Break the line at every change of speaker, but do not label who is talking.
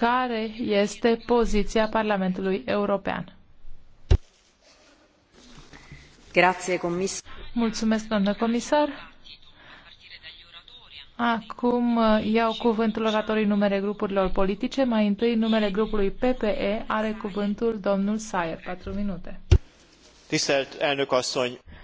care este poziția Parlamentului European. Mulțumesc, doamnă comisar. Acum uh, iau cuvântul oratorii numele grupurilor politice. Mai întâi, numele grupului PPE are cuvântul domnul Sayer. Patru minute.
Tisztelt elnök asszony!